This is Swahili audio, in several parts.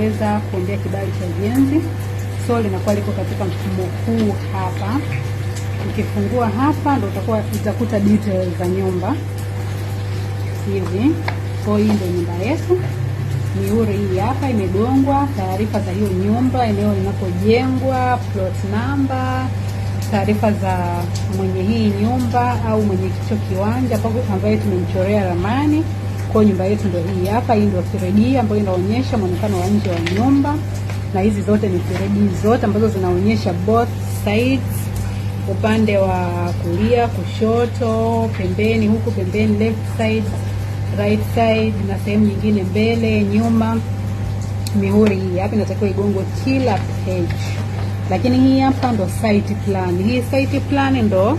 weza kuombea kibali cha ujenzi. So linakuwa liko katika mfumo huu hapa. Ukifungua hapa ndo utakuwa utakuta details za nyumba hivi. So hii ndio nyumba yetu, miuri hii hapa imegongwa, taarifa za hiyo nyumba, eneo linapojengwa, plot number, taarifa za mwenye hii nyumba au mwenye kicho kiwanja ambayo tumemchorea ramani. Kwa nyumba yetu ndio hii hapa, hii ndio firedi ambayo inaonyesha mwonekano wa nje wa nyumba, na hizi zote ni firedi zote ambazo zinaonyesha both sides, upande wa kulia, kushoto, pembeni, huku pembeni, left side, right side, na sehemu nyingine mbele, nyuma. Mihuri hii hapa inatakiwa igongwe kila page, lakini hii hapa ndo site plan. Hii site plan ndo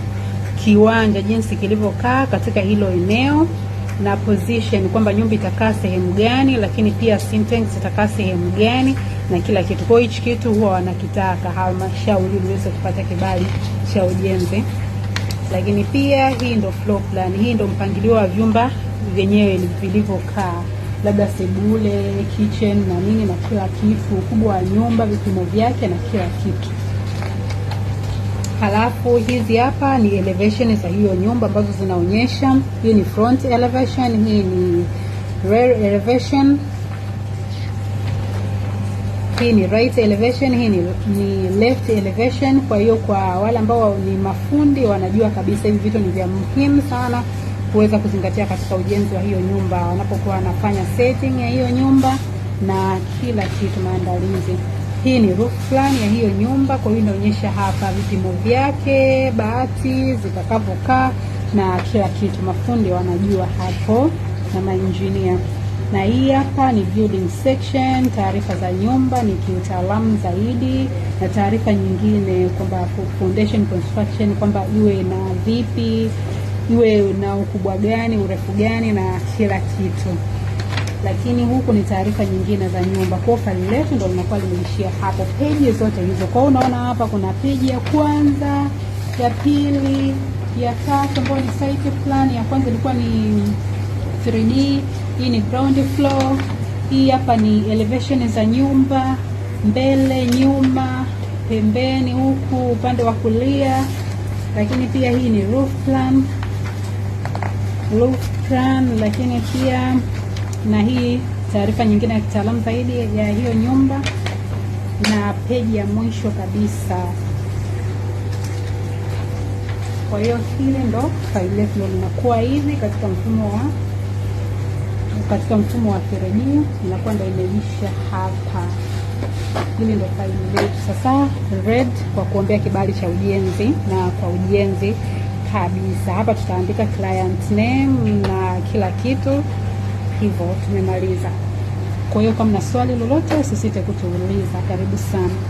kiwanja jinsi kilivyokaa katika hilo eneo na position kwamba nyumba itakaa sehemu gani, lakini pia sintank itakaa sehemu gani na kila kitu. Kwa hiyo hichi kitu huwa wanakitaka halmashauri uliweze kupata kibali cha ujenzi. Lakini pia hii ndo floor plan, hii ndo mpangilio wa vyumba vyenyewe vilivyokaa, labda sebule, kitchen na nini na kila kitu, ukubwa wa nyumba, vipimo vyake na kila kitu. Halafu hizi hapa ni elevation za hiyo nyumba ambazo zinaonyesha. Hii ni front elevation, hii ni rear elevation, hii ni right elevation, hii ni, ni left elevation. Kwa hiyo kwa wale ambao ni mafundi wanajua kabisa hivi vitu ni vya muhimu sana kuweza kuzingatia katika ujenzi wa hiyo nyumba, wanapokuwa wanafanya setting ya hiyo nyumba na kila kitu, maandalizi hii ni roof plan ya hiyo nyumba, kwa hiyo inaonyesha hapa vipimo vyake, bati zitakavyokaa na kila kitu. Mafundi wanajua hapo na mainjinia. Na hii hapa ni building section, taarifa za nyumba ni kiutaalamu zaidi, na taarifa nyingine kwamba foundation construction, kwamba iwe na vipi, iwe na ukubwa gani, urefu gani na kila kitu lakini huku ni taarifa nyingine za nyumba. Kwa hiyo fali letu ndo linakuwa limeishia hapo, peji zote hizo. Kwa unaona hapa kuna peji ya kwanza, ya pili, ya tatu ambayo ni site plan. Ya kwanza ilikuwa ni 3D, hii ni ground floor, hii hapa ni elevation za nyumba, mbele, nyuma, pembeni, huku upande wa kulia, lakini pia hii ni roof plan, roof plan, lakini pia na hii taarifa nyingine ya kitaalamu zaidi ya hiyo nyumba na peji ya mwisho kabisa. Kwa hiyo hili ndo faili letu linakuwa hivi katika mfumo wa katika mfumo wa kirejeo inakuwa ndo imeisha hapa. Hili ndo faili letu sasa red, kwa kuombea kibali cha ujenzi na kwa ujenzi kabisa. Hapa tutaandika client name na kila kitu. Hivyo tumemaliza. Kwa hiyo kama na swali lolote usisite kutuuliza. Karibu sana.